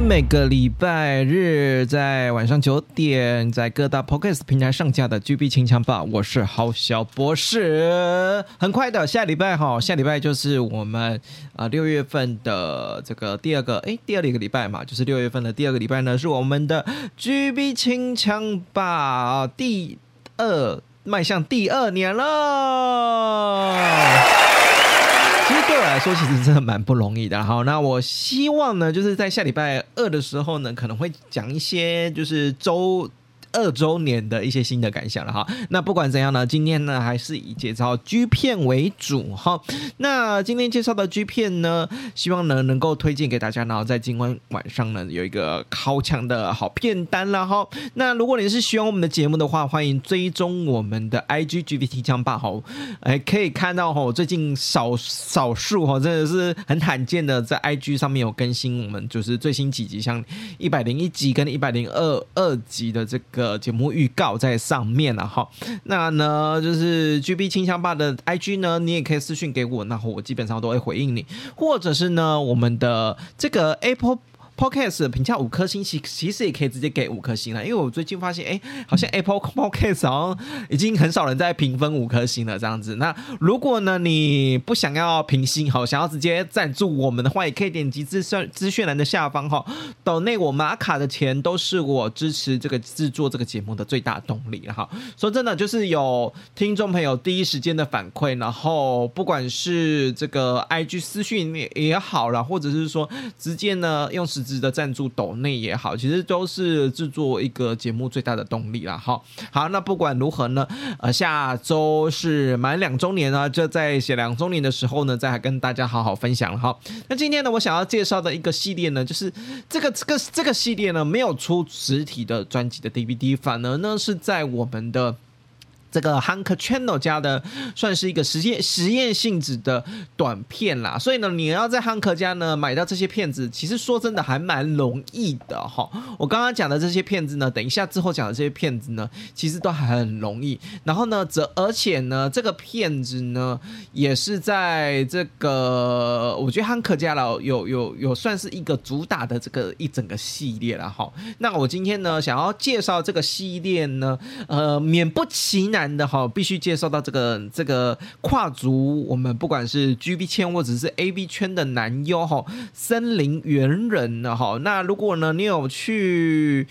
每個禮拜日，在晚上九點，在各大 podcast 平台上架的 GB 清槍吧，我是郝小博士。很快的，下禮拜哈，下禮拜就是我們啊呃、六月份的這個第二個哎、欸，第二個禮拜嘛，就是六月份的第二個禮拜呢，是我們的 GB 清槍吧第二邁向第二年了。 其實對我來說，其實真的蠻不容易的。好，那我希望呢，就是在下禮拜二的時候呢，可能會講一些就是周二週年的一些新的感想了哈，那不管怎樣呢，今天呢還是以介紹 G 片為主哈。那今天介紹的 G 片呢，希望呢能夠推薦給大家，然後在今晚晚上呢有一個超強的好片單了哈。那如果你是喜歡我們的節目的話，歡迎追蹤我們的 IG G Video Bar。好，哎、欸、可以看到哈，最近少少數哈，真的是很罕見的在 IG 上面有更新，我們就是最新幾集，像一百零一集跟一百零二二集的這個。呃，節目預告在上面了、啊、哈。那呢，就是 G B 清香爸的 I G 呢，你也可以私訊給我，然後我基本上都會回應你，或者是呢，我們的這個 Apple。Podcast 的評價五顆星，其其實也可以直接給五顆星了，因為我最近發現，哎、欸，好像 Apple Podcast 好像已經很少人在評分五顆星了，這樣子。那如果呢，你不想要評星，哈，想要直接贊助我們的話，也可以點擊資訊資訊欄的下方，哈，島內我瑪卡的錢都是我支持這個制作這個節目的最大動力了，哈。說真的，就是有聽眾朋友第一時間的反饋，然後不管是這個 IG 私訊也、也好了，或者是說直接呢用時。的贊助抖內也好，其實都是製作一個節目最大的動力了。好，好，那不管如何呢，呃，下周是滿兩周年啊，就在寫兩周年的時候呢，再跟大家好好分享。好，那今天呢，我想要介紹的一個系列呢，就是這個這個這個系列呢，沒有出實體的專輯的 DVD，反而呢是在我們的。這個漢克 channel 家的算是一個實驗實驗性質的短片啦，所以呢，你要在漢克家呢買到這些片子，其實說真的還蠻容易的哈。我剛剛講的這些片子呢，等一下之後講的這些片子呢，其實都很容易。然後呢，這而且呢，這個片子呢，也是在這個我覺得漢克家啦有有有算是一個主打的這個一整個系列了哈。那我今天呢，想要介紹這個系列呢，呃，免不其男的哈，必須介紹到這個這個跨足，我們不管是 G B 圈或者是 A B 圈的男優哈，森林原人了。好，那如果呢，你有去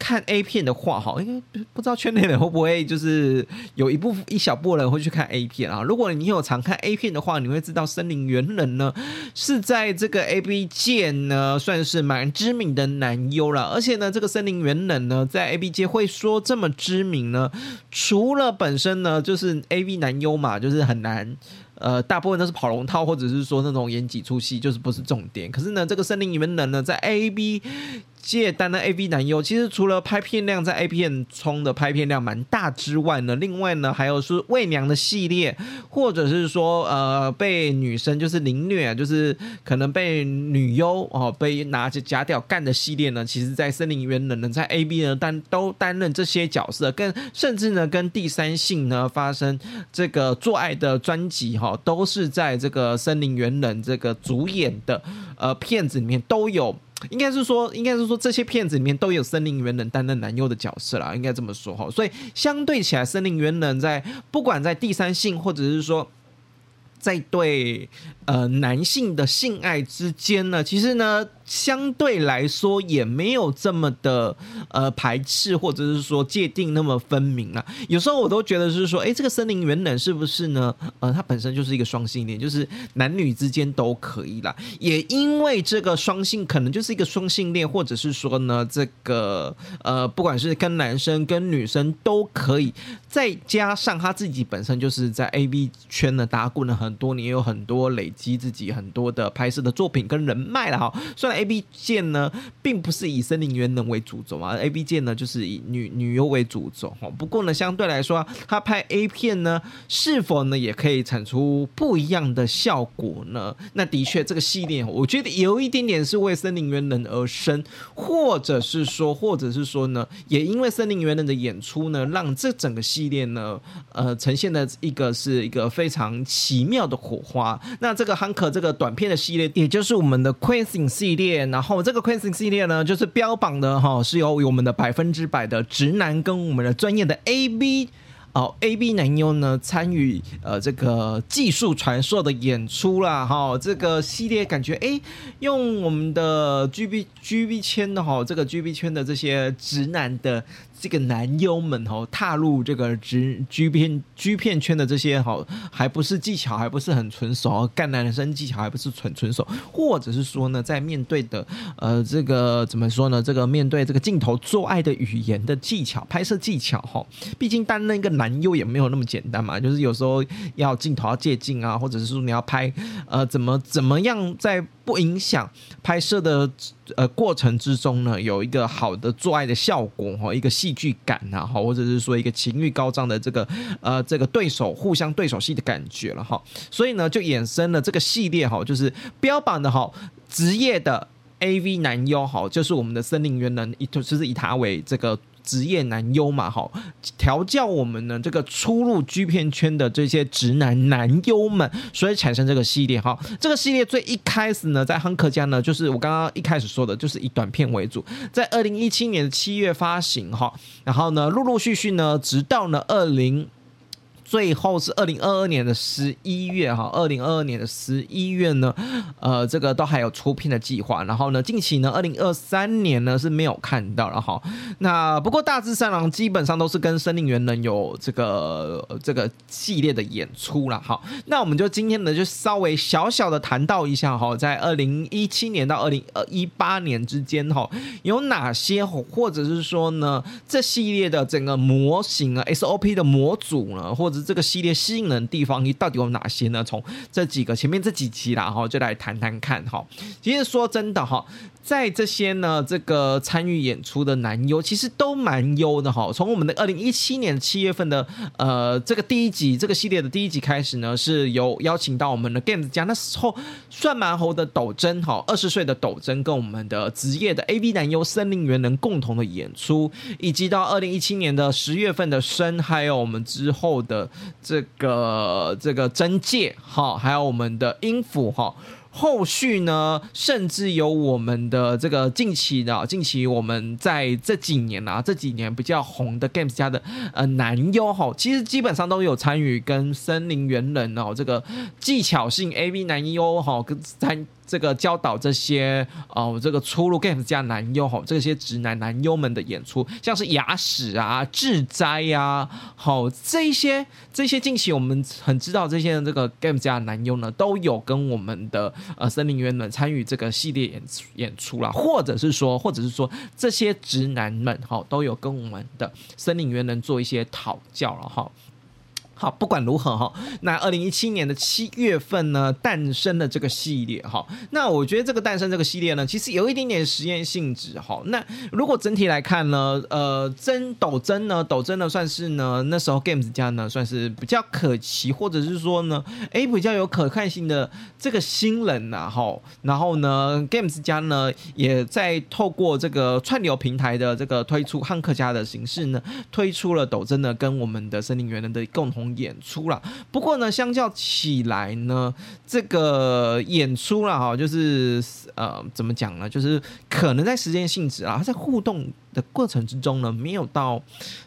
看 A 片的話，哈、欸，應該不知道圈內人會不會就是有一部分一小部分人會去看 A 片啊？如果你有常看 A 片的話，你會知道森林原人呢是在這個 AV 界呢算是蠻知名的男優了。而且呢，這個森林原人呢在 AV 界會說這麼知名呢，除了本身呢就是 AV 男優嘛，就是很難，呃，大部分都是跑龍套或者是說那種演幾出戲，就是不是重點。可是呢，這個森林原人呢在 AV 借單的 AV 男優，其實除了拍片量在 A 片中的拍片量蠻大之外呢，另外呢還有是偽娘的系列，或者是說呃被女生就是凌虐，啊，就是可能被女優哦被拿着假屌幹的系列呢，其實在森林原人呢在 AV 呢擔都擔任這些角色，跟甚至呢跟第三性呢發生這個做愛的專輯哈、哦，都是在這個森林原人這個主演的呃片子裡面都有。應該是說，應該是說，這些片子裡面都有森林原人擔任男優的角色啦。應該這麼說哈。所以相對起來，森林原人在不管在第三性，或者是說在對呃男性的性愛之間呢，其實呢。相對來說也沒有這麼的呃排斥，或者是說界定那麼分明了啊。有時候我都覺得是說，哎、欸，這個森林原人是不是呢？呃，它本身就是一個雙性戀，就是男女之間都可以了。也因為這個雙性，可能就是一個雙性戀，或者是說呢，這個呃，不管是跟男生跟女生都可以。再加上他自己本身就是在 AV 圈呢打滾了很多年，也有很多累積自己很多的拍攝的作品跟人脈了哈。雖然 A B 鍵呢，並不是以森林原人為主軸啊，A B 鍵呢就是以女女優為主軸哦。不過呢，相對來說、啊，他拍 A 片呢，是否呢也可以產出不一樣的效果呢？那的確，這個系列我覺得有一點點是為森林原人而生，或者是說，或者是說呢，也因為森林原人的演出呢，讓這整個系列呢，呃，呈現的一個是一個非常奇妙的火花。那這個漢克、er、這個短片的系列，也就是我們的 CRUISING 系列。然後這個 CRUISING 系列呢，就是標榜的哈、哦，是由我們的百分之百的直男跟我們的專業的 AV，哦 AV 男優呢參與呃這個技術傳授的演出啦哈、哦，這個系列感覺哎，用我們的 GV GV 圈的哈、哦，這個 GV 圈的這些直男的。這個男優們哦，踏入這個直 G, G 片 G 片圈的這些哈、哦，還不是技巧，還不是很純熟哦，幹男生技巧還不是純純熟，或者是說呢，在面對的呃，這個怎麼說呢？這個面對這個鏡頭做愛的語言的技巧，拍攝技巧哈、哦，畢竟擔任一個男優也沒有那麼簡單嘛，就是有時候要鏡頭要借鏡啊，或者是說你要拍呃，怎麼怎麼樣在。不影響拍攝的呃過程之中呢，有一個好的做愛的效果和一個戲劇感啊，哈，或者是說一個情慾高漲的這個呃這個對手互相對手戲的感覺了哈，所以呢就衍生了這個系列哈，就是標榜的哈職業的 AV 男優哈，就是我們的森林原人就是以他為這個。職業男優嘛，哈調教我們呢，這個初入 G 片圈的這些直男男優們，所以產生這個系列哈。這個系列最一開始呢，在亨克、er、家呢，就是我剛剛一開始說的，就是以短片為主，在二零一七年的七月發行哈，然後呢，陸陸續續呢，直到呢二零。20最後是二零二二年的十一月哈，二零二二年的十一月呢，呃，這個都還有出片的計劃。然後呢，近期呢，二零二三年呢是沒有看到了哈。那不過大致上基本上都是跟森林原人有這個這個系列的演出啦哈。那我們就今天呢，就稍微小小的談到一下哈，在二零一七年到二零一八年之間哈，有哪些或者是說呢，這系列的整個模型啊，SOP 的模組呢，或者是這個系列吸引人的地方，你到底有哪些呢？從這幾個前面這幾集，然後就來談談看哈。其實說真的哈。在這些呢，這個參與演出的男優其實都蠻優的哈。從我們的二零一七年七月份的呃這個第一集這個系列的第一集開始呢，是由邀請到我們的 Games 家那時候算蠻猴的斗真哈，二十歲的斗真跟我們的職業的 AV 男優森林原人共同的演出，以及到二零一七年的十月份的昇，還有我們之後的這個這個真介哈，還有我們的音符哈。後續呢，甚至有我們的這個近期的，近期我們在這幾年啊，這幾年比較紅的 Games 家的呃男優哈、哦，其實基本上都有參與跟森林原人哦這個技巧性 AV 男優哈、哦、跟參。這個教導這些哦，這個初入 Games 家男優哈，這些直男男優們的演出，像是牙齒啊、治災呀、啊、好、哦、這些這些近期我們很知道，這些這個 Games 家男優呢，都有跟我們的呃森林原人參與這個系列演演出啦，或者是說，或者是說這些直男們哈、哦，都有跟我們的森林原人做一些討教了哈。哦好，不管如何哈，那二零一七年的七月份呢，誕生了這個系列哈。那我覺得這個誕生這個系列呢，其實有一點點實驗性質哈。那如果整體來看呢，呃，真斗真呢，斗真呢算是呢那時候 Games 家呢算是比較可期，或者是說呢，哎，比較有可看性的這個新人吶、啊、哈。然後呢，Games 家呢也在透過這個串流平台的這個推出漢克家的形式呢，推出了斗真呢跟我們的森林原人的共同性。演出了，不過呢，相較起來呢，這個演出了哈，就是呃，怎麼講呢？就是可能在時間性質啊，它在互動。的過程之中呢，沒有到，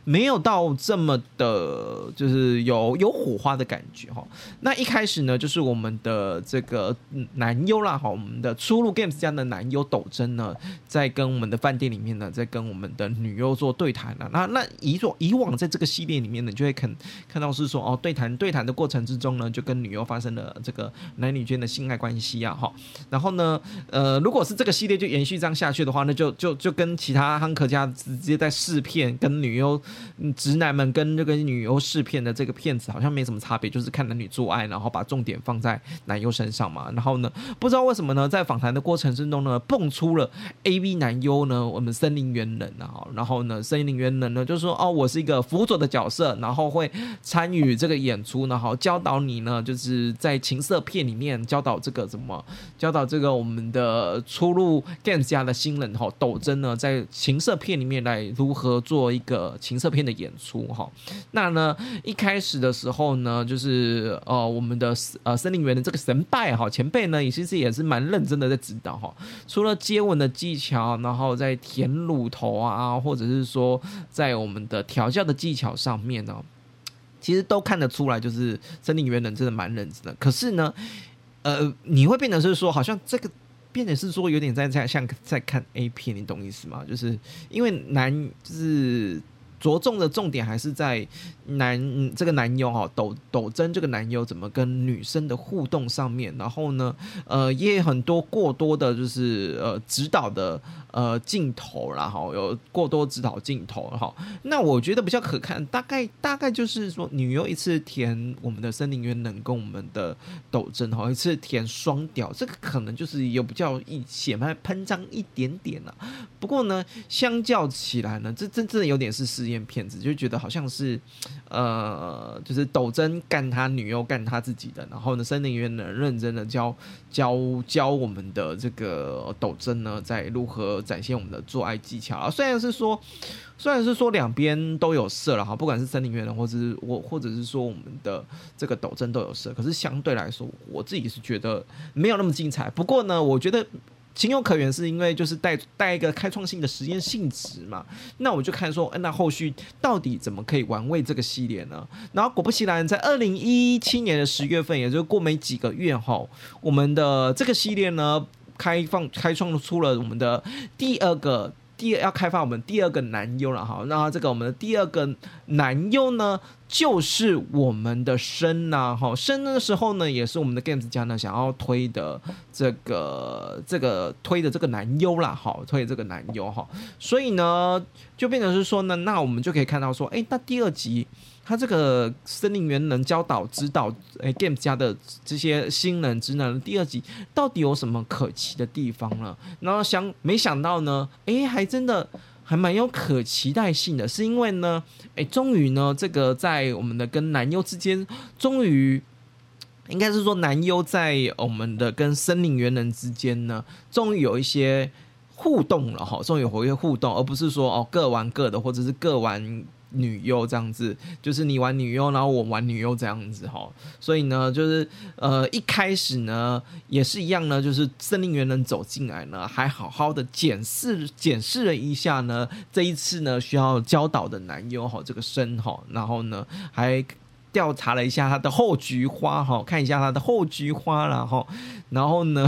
沒有到這麼的，就是有有火花的感覺哈。那一開始呢，就是我們的這個男優啦，哈，我們的初入 games 這樣的男優斗真呢，在跟我們的飯店裡面呢，在跟我們的女優做對談了，啊。那那以作以往在這個系列裡面呢，你就會看看到是說哦，對談對談的過程之中呢，就跟女優發生了這個男女間的性愛關係啊，哈。然後呢，呃，如果是這個系列就延續這樣下去的話，那就就就跟其他漢克。直接在試片，跟女優、直男們跟這個女優試片的這個片子好像沒什麼差別，就是看男女做愛，然後把重點放在男優身上嘛。然後呢，不知道為什麼呢，在訪談的過程之中呢，蹦出了 AV 男優呢，我們森林原人哈。然後呢，森林原人呢就是說哦，我是一個輔佐的角色，然後會參與這個演出，然後教導你呢，就是在情色片裡面教導這個什麼，教導這個我們的初入 Games 家的新人哈，斗真呢在情色。片裡面來如何做一個情色片的演出哈。那呢一開始的時候呢，就是呃我們的呃森林原人這個神拜哈前輩呢，也其實也是蠻認真的在指導哈。除了接吻的技巧，然後在舔乳頭啊，或者是說在我們的調教的技巧上面呢，其實都看得出來，就是森林原人真的蠻認真的。可是呢，呃，你會變得是說，好像這個。變得是說有點在在像在，在看 A 片，你懂意思嗎？就是因為男就是着重的重點還是在男、嗯、這個男優哈、哦，斗斗真這個男優怎麼跟女生的互動上面，然後呢，呃，也很多過多的就是呃指導的。呃，鏡頭啦，後有過多指導鏡頭，後那我覺得比較可看。大概大概就是說，女優一次填我們的森林原人跟我們的斗真哈，一次填雙屌，這個可能就是有比較一血脈噴張一點點了、啊。不過呢，相較起來呢，這這這有點是試驗片子，就覺得好像是，呃，就是斗真幹他女優幹他自己的，然後呢，森林原人認真的教教教我們的這個斗真呢，在如何。展現我們的做愛技巧啊，雖然是說，雖然是說兩邊都有色了哈，不管是森林原人，或者是我，或者是說我們的這個斗真，都有色，可是相對來說，我自己是覺得沒有那麼精彩。不過呢，我覺得情有可原，是因為就是帶帶一個開創性的實驗性質嘛。那我就看說，那後續到底怎麼可以玩味這個系列呢？然後果不其然，在二零一七年的十月份，也就是過沒幾個月後，我們的這個系列呢，開放開創出了我們的第二個第二要開發我們第二個男優了哈，那這個我們的第二個男優呢，就是我們的昇吶、啊、哈、哦、昇的時候呢，也是我們的 Games 家呢想要推的這個這個推的這個男優啦。好、哦，推這個男優哈、哦，所以呢就變成是說呢，那我們就可以看到說，哎，那第二集。他這個森林原人教導指導誒、欸、，game 家的這些新人職能，第二集到底有什麼可期的地方呢？然後想沒想到呢，誒、欸，還真的還蠻有可期待性的，是因為呢，誒、欸，終於呢，這個在我們的跟男優之間，終於應該是說男優在我們的跟森林原人之間呢，終於有一些互動了哈，終於活躍互動，而不是說哦各玩各的，或者是各玩女優這樣子，就是你玩女優，然後我玩女優這樣子哈，所以呢，就是呃一開始呢也是一樣呢，就是森林原人走進來呢，還好好的檢視檢視了一下呢，這一次呢需要教導的男優哈，這個生哈，然後呢還調查了一下他的後菊花哈，看一下他的後菊花然後。然後呢，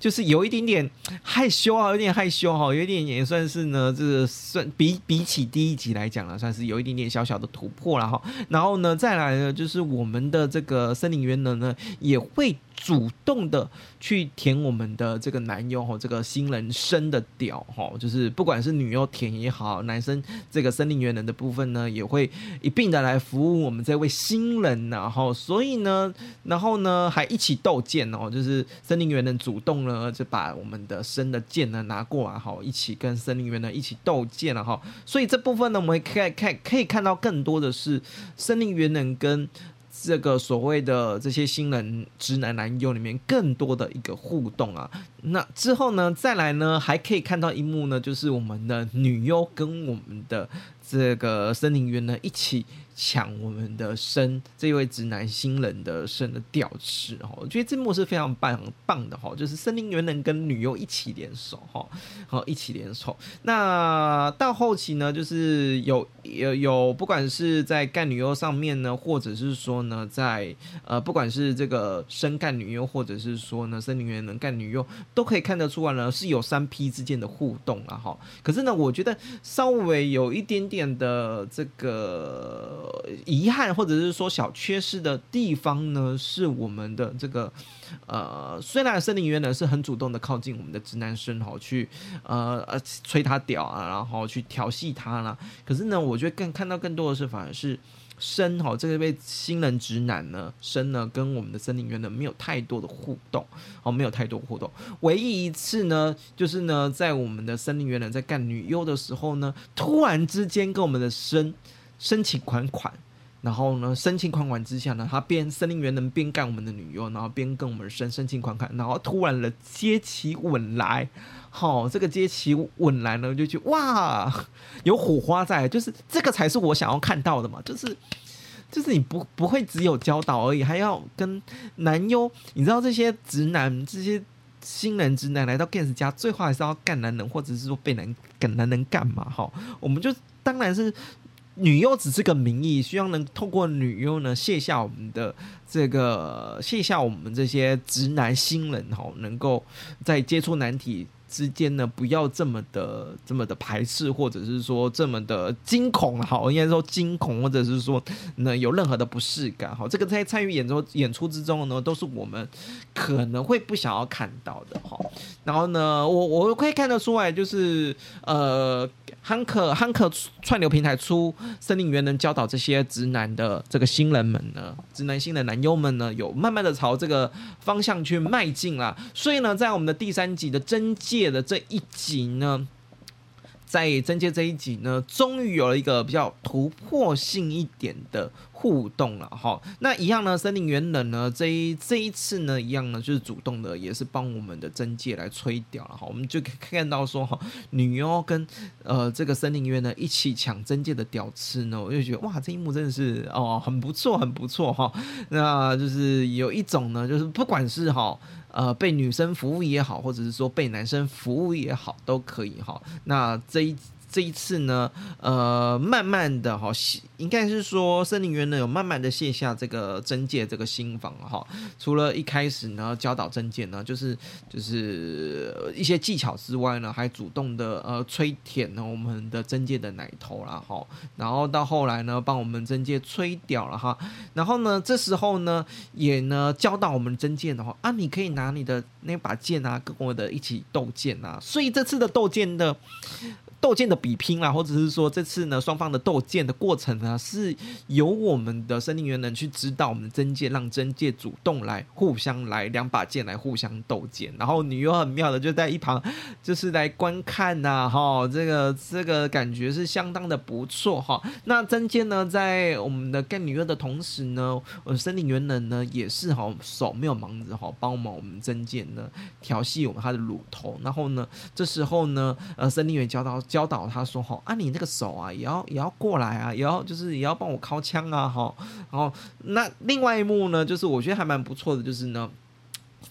就是有一點點害羞啊，有點害羞哈、啊,有一點也算是呢，這個、算比比起第一集來講呢、啊，算是有一點點小小的突破了哈。然後呢，再來呢，就是我們的這個森林原人呢，也會主動的去舔我們的這個男優哈，這個新人生的屌哈，就是不管是女優舔也好，男生這個森林原人的部分呢，也會一併的來服務我們這位新人呢、啊、哈。所以呢，然後呢，還一起鬥劍哦，就是。森林原人主動呢就把我們的生的劍呢拿過來、啊、哈，一起跟森林原人呢一起鬥劍了、啊、哈。所以這部分呢，我們可以看可，可以看到更多的是森林原人跟這個所謂的這些新人直男男優裡面更多的一個互動啊。那之後呢，再來呢還可以看到一幕呢，就是我們的女優跟我們的這個森林原人呢一起。搶我們的生，這位直男新人的生的吊池哦，我覺得這幕是非常棒很棒的哈，就是森林原人跟女優一起聯手哈，好一起聯手。那到後期呢，就是有有有，不管是在幹女優上面呢，或者是說呢，在呃，不管是這個生幹女優，或者是說呢，森林原人幹女優，都可以看得出來呢，是有 3P 之間的互動啊。哈。可是呢，我覺得稍微有一點點的這個。呃，遺憾或者是說小缺失的地方呢，是我們的這個，呃，雖然森林原呢是很主動的靠近我們的直男生吼，去呃呃吹他屌啊，然後去調戲他啦。可是呢，我覺得更看，看到更多的是反而是生吼，這一位新人直男呢生呢，跟我們的森林原呢沒有太多的互動，哦，沒有太多的互動，唯一一次呢，就是呢，在我們的森林原呢在幹女優的時候呢，突然之間跟我們的生。深情款款，然後呢，深情款款之下呢，他邊森林原人邊幹我們的女優，然後邊跟我們生申深情款款，然後突然了接起吻來，好，這個接起吻來呢，就覺哇，有火花在，就是這個才是我想要看到的嘛，就是就是你不不會只有教導而已，還要跟男優，你知道這些直男，這些新人直男來到 G@mes 家，最後還是要幹男人，或者是說被男跟男人幹嘛？好，我們就當然是。女優只是這個名義，希望能透過女優呢，卸下我們的這個，卸下我們這些直男新人哈，能夠在接觸男體。之間呢，不要這麼的，這麼的排斥，或者是說這麼的驚恐，好，應該說驚恐，或者是說呢有任何的不適感，好，這個在參與演出演出之中呢，都是我們可能會不想要看到的，哈。然後呢，我我可以看得出來，就是呃，漢克漢克串流平台出森林原人能教導這些直男的這個新人們呢，直男新人的男優們呢，有慢慢的朝這個方向去邁進啦。所以呢，在我們的第三集的真介，的這一集呢，在真介這一集呢，終於有了一個比較突破性一點的互動了哈。那一樣呢，森林原人呢，這一這一次呢，一樣呢，就是主動的也是幫我們的真介來吹屌了哈。我們就可以看到說哈，女優跟呃這個森林原呢一起搶真介的屌絲呢，我就覺得哇，這一幕真的是哦很不錯，很不錯哈、哦。那就是有一種呢，就是不管是哈。哦呃，被女生服務也好，或者是說被男生服務也好，都可以哈。那這一。這一次呢，呃，慢慢的哈，應該是說森林原人呢有慢慢的卸下這個真介這個心防哈。除了一開始呢教導真介呢，就是就是一些技巧之外呢，還主動的呃吹舔我們的真介的奶頭啦。哈。然後到後來呢幫我們真介吹掉了哈。然後呢這時候呢也呢教導我們真介的話，啊你可以拿你的那把劍啊跟我的一起鬥劍啊。所以這次的鬥劍的。鬥劍的比拼啊，或者是說這次呢，雙方的鬥劍的過程呢，是由我們的森林原人去指導我們真介，讓真介主動來互相來兩把劍來互相鬥劍，然後女優很妙的就在一旁就是來觀看吶、啊，哈，這個這個感覺是相當的不錯哈。那真介呢，在我們的幹女優的同時呢，呃，森林原人呢也是哈手沒有忙着哈，幫忙我們真介呢調戲我們他的乳頭，然後呢這時候呢，呃，森林原教到。教導他說：“哈啊，你那個手啊，也要也要過來啊，也要就是也要幫我尻槍啊，吼。”然後那另外一幕呢，就是我覺得還蠻不錯的，就是呢，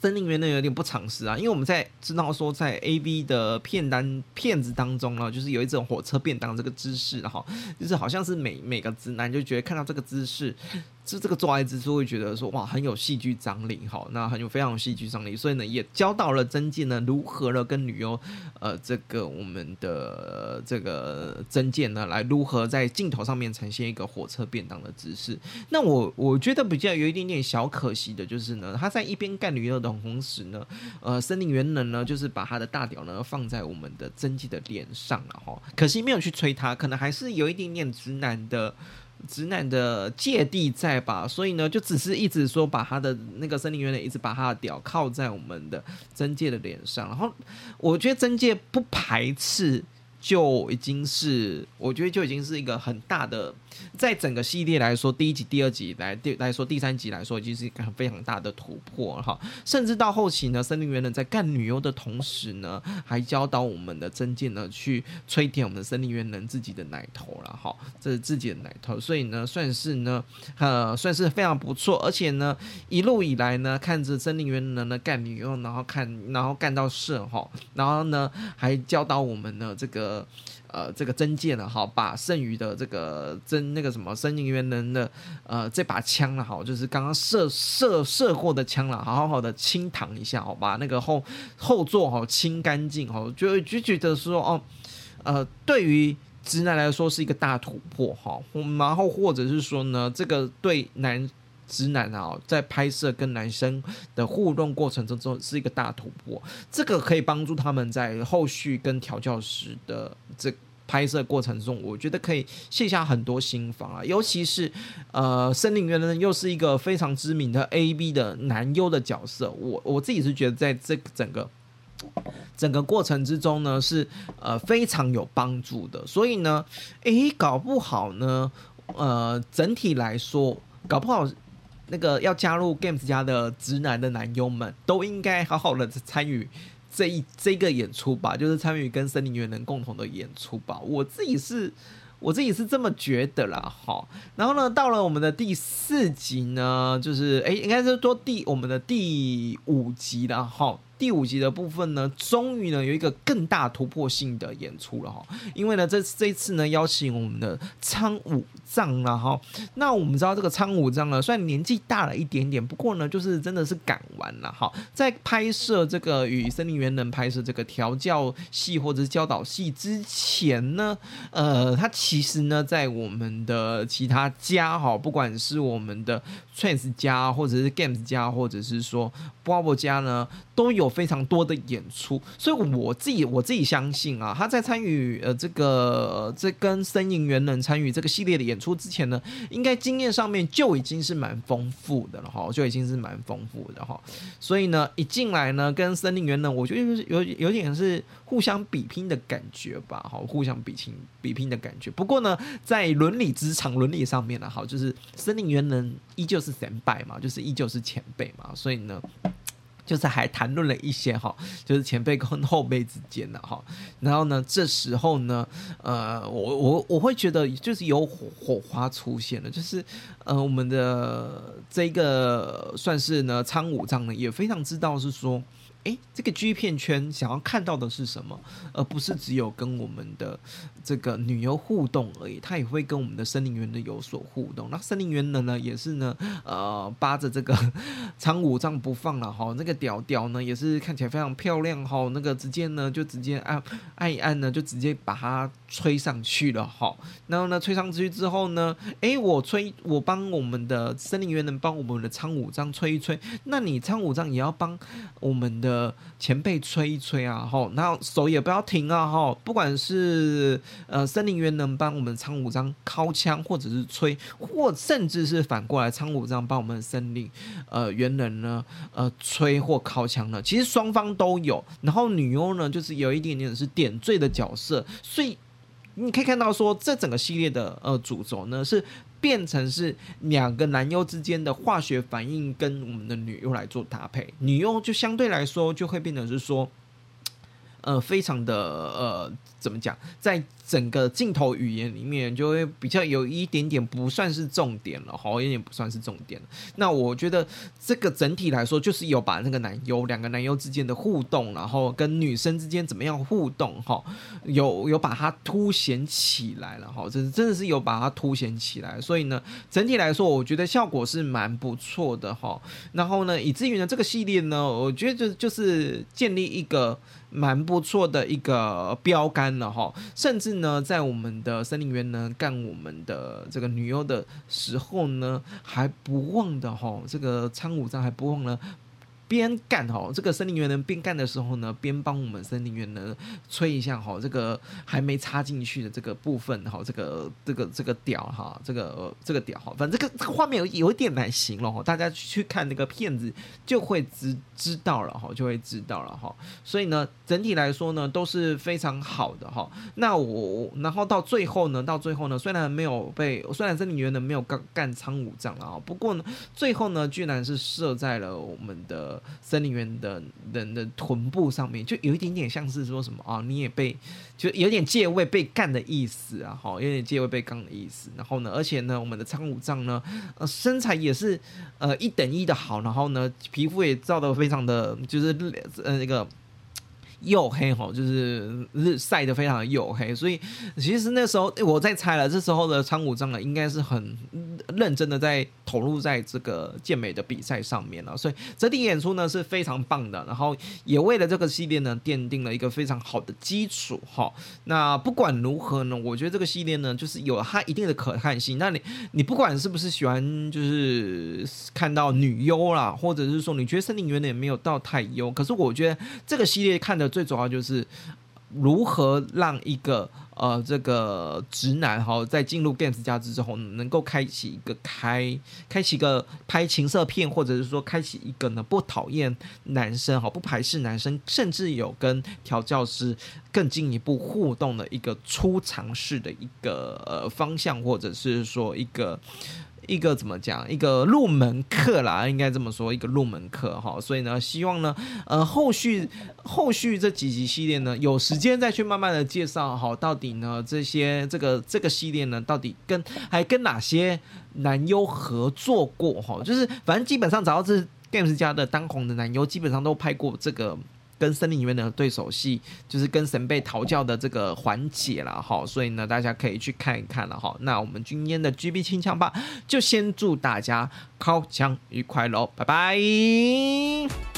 森林原人呢有點不償失啊，因為我們在知道說在 AV 的片單片子當中呢，就是有一種火車便當這個姿勢哈，就是好像是每每個直男就覺得看到這個姿勢是這個做愛之初會覺得說，哇，很有戲劇張力哈，那很有，非常有戲劇張力，所以呢也教到了真介呢如何了跟女優呃這個我們的、呃、這個真介呢來如何在鏡頭上面呈現一個火車便當的姿勢。那我我覺得比較有一點點小可惜的就是呢，他在一邊幹女優的同時呢，呃，森林原人呢就是把他的大屌呢放在我們的真介的臉上了哈，可惜沒有去吹他，可能還是有一點點直男的直男的芥蒂在吧，所以呢，就只是一直說把他的那個森林原人，一直把他的屌靠在我們的真介的臉上，然後我覺得真介不排斥就已經是，我覺得就已經是一個很大的。在整個系列來說，第一集、第二集來，第來說第三集來說，就是一個非常大的突破哈。甚至到後期呢，森林原人在幹女優的同時呢，還教導我們的真介呢去吹舔我們的森林原人自己的奶頭了哈，這是自己的奶頭，所以呢，算是呢，呃，算是非常不錯。而且呢，一路以來呢，看着森林原人呢幹女優，然後看，然後幹到射哈，然後呢，還教導我們的這個。呃，這個真介呢，好，把剩餘的這個真那個什麼森林原人的，呃，這把槍呢，好，就是剛剛射射射過的槍了，好好好的清膛一下，好吧，把那個後後座好清乾淨，好，就就覺得說，哦，呃，對於直男來說是一個大突破哈，然後或者是說呢，這個對男。直男啊，在拍攝跟男生的互動過程中是一個大突破，這個可以幫助他們在後續跟調教時的這拍攝過程中，我覺得可以卸下很多心防啊。尤其是呃，森林原人呢又是一個非常知名的 AV 的男優的角色，我我自己是覺得在這整個整個過程之中呢是呃非常有幫助的。所以呢，誒、欸，搞不好呢，呃，整體來說，搞不好。那個要加入 Games 家的直男的男優們都應該好好的參與這一這一個演出吧，就是參與跟森林原人共同的演出吧。我自己是，我自己是這麼覺得啦，哈。然後呢，到了我們的第四集呢，就是誒、欸、應該是說，第我們的第五集了，哈。第五集的部分呢，終於呢有一個更大突破性的演出了哈，因為呢這這次呢邀請我們的蒼武藏了哈，那我們知道這個蒼武藏呢，雖然年紀大了一點點，不過呢就是真的是敢玩了哈，在拍攝這個與森林原人拍攝這個調教戲或者是教導戲之前呢，呃，他其實呢在我們的其他家哈，不管是我們的 trance 家或者是 games 家，或者是說 bob 家呢。都有非常多的演出，所以我自己我自己相信啊，他在參與呃這個這跟森林原人參與這個系列的演出之前呢，應該經驗上面就已經是蠻豐富的了哈，就已經是蠻豐富的哈，所以呢，一進來呢，跟森林原人，我覺得有有點是互相比拼的感覺吧，好，互相比拼比拼的感覺。不過呢，在倫理職場倫理上面呢，哈，就是森林原人依舊是前輩嘛，就是依舊是前輩嘛，所以呢。就是還談論了一些哈，就是前輩跟後輩之間的哈，然後呢，這時候呢，呃，我我我會覺得就是有火，火花出現了，就是呃，我們的這個算是呢蒼武藏呢也非常知道是說。誒、欸，這個 G 片圈想要看到的是什麼？而不是只有跟我們的這個女優互動而已。她也會跟我們的森林原人有所互動。那森林原人呢？也是呢，呃，扒着這個蒼武藏不放了哈。那個屌屌呢，也是看起來非常漂亮哈。那個直接呢，就直接按按一按呢，就直接把它吹上去了哈。然後呢，吹上去之後呢，誒、欸，我吹，我幫我們的森林原人幫我們的蒼武藏吹一吹。那你蒼武藏也要幫我們的。呃，前輩吹一吹啊，吼，那手也不要停啊，吼，不管是呃森林原人幫我們倉武張尻槍，或者是吹，或甚至是反過來倉武張幫我們森林呃原人呢呃吹或尻槍呢，其實雙方都有。然後女優呢，就是有一點點是點綴的角色，所以你可以看到說，這整個系列的呃主軸呢是變成是兩個男優之間的化學反應，跟我們的女優來做搭配，女優就相對來說就會變成是說，呃，非常的呃，怎麼講，在。整個鏡頭語言裡面就會比較有一點點不算是重點了，哈，有一點不算是重點了。那我覺得這個整體來說，就是有把那個男優、兩個男優之間的互動，然後跟女生之間怎麼樣互動，哈，有有把它凸顯起來了，哈，真真的是有把它凸顯起來。所以呢，整體來說，我覺得效果是蠻不錯的，哈。然後呢，以至於呢，這個系列呢，我覺得就就是建立一個蠻不錯的一個標杆了，哈，甚至。但是呢，在我們的森林原人呢，幹我們的這個女優的時候呢，還不忘的吼這個蒼梧，藏還不忘呢。邊幹哈，這個森林原人呢邊幹的時候呢，邊幫我們森林原人呢吹一下哈，這個還沒插進去的這個部分哈，這個這個這個屌哈，這個、呃、這個屌哈，反正這個這個畫面有有一點難形容哦，大家去看那個片子就會知知道了哈，就會知道了哈。所以呢，整體來說呢，都是非常好的哈。那我然後到最後呢，到最後呢，雖然沒有被，雖然森林原人呢沒有幹幹倉武藏了哈，不過呢，最後呢，居然是射在了我們的。森林原人的臀部上面，就有一點點像是說什麼啊？你也被就有點借位被幹的意思啊，好，有點借位被幹的意思。然後呢，而且呢，我們的蒼武藏呢、呃，身材也是呃一等一的好，然後呢，皮膚也照得非常的，就是呃那個。黝黑哈，就是日曬得非常的黝黑，所以其實那時候我在猜了，這時候的倉吾章呢，應該是很認真的在投入在這個健美的比賽上面了。所以整體演出呢是非常棒的，然後也為了這個系列呢奠定了一個非常好的基礎哈。那不管如何呢，我覺得這個系列呢就是有它一定的可看性。那你你不管是不是喜歡就是看到女優啦，或者是說你覺得森林原人也沒有到太優，可是我覺得這個系列看的。最主要就是如何讓一個呃這個直男哈，在進入 Games 家族之後，能夠開啟一個開開啟一個拍情色片，或者是說開啟一個呢不討厭男生哈，不排斥男生，甚至有跟調教師更進一步互動的一個初嘗試的一個呃方向，或者是說一個。一個怎麼講？一個入門課啦，應該這麼說，一個入門課哈。所以呢，希望呢，呃，後續後續這幾集系列呢，有時間再去慢慢的介紹哈。到底呢，這些這個這個系列呢，到底跟還跟哪些男優合作過哈？就是反正基本上，找到這 Games 家的當紅的男優，基本上都拍過這個。跟森林裡面的對手戲，就是跟神被討教的這個環節了哈，所以呢，大家可以去看一看了哈。那我們今天的 GB 清槍吧，就先祝大家尻槍愉快嘍。拜拜。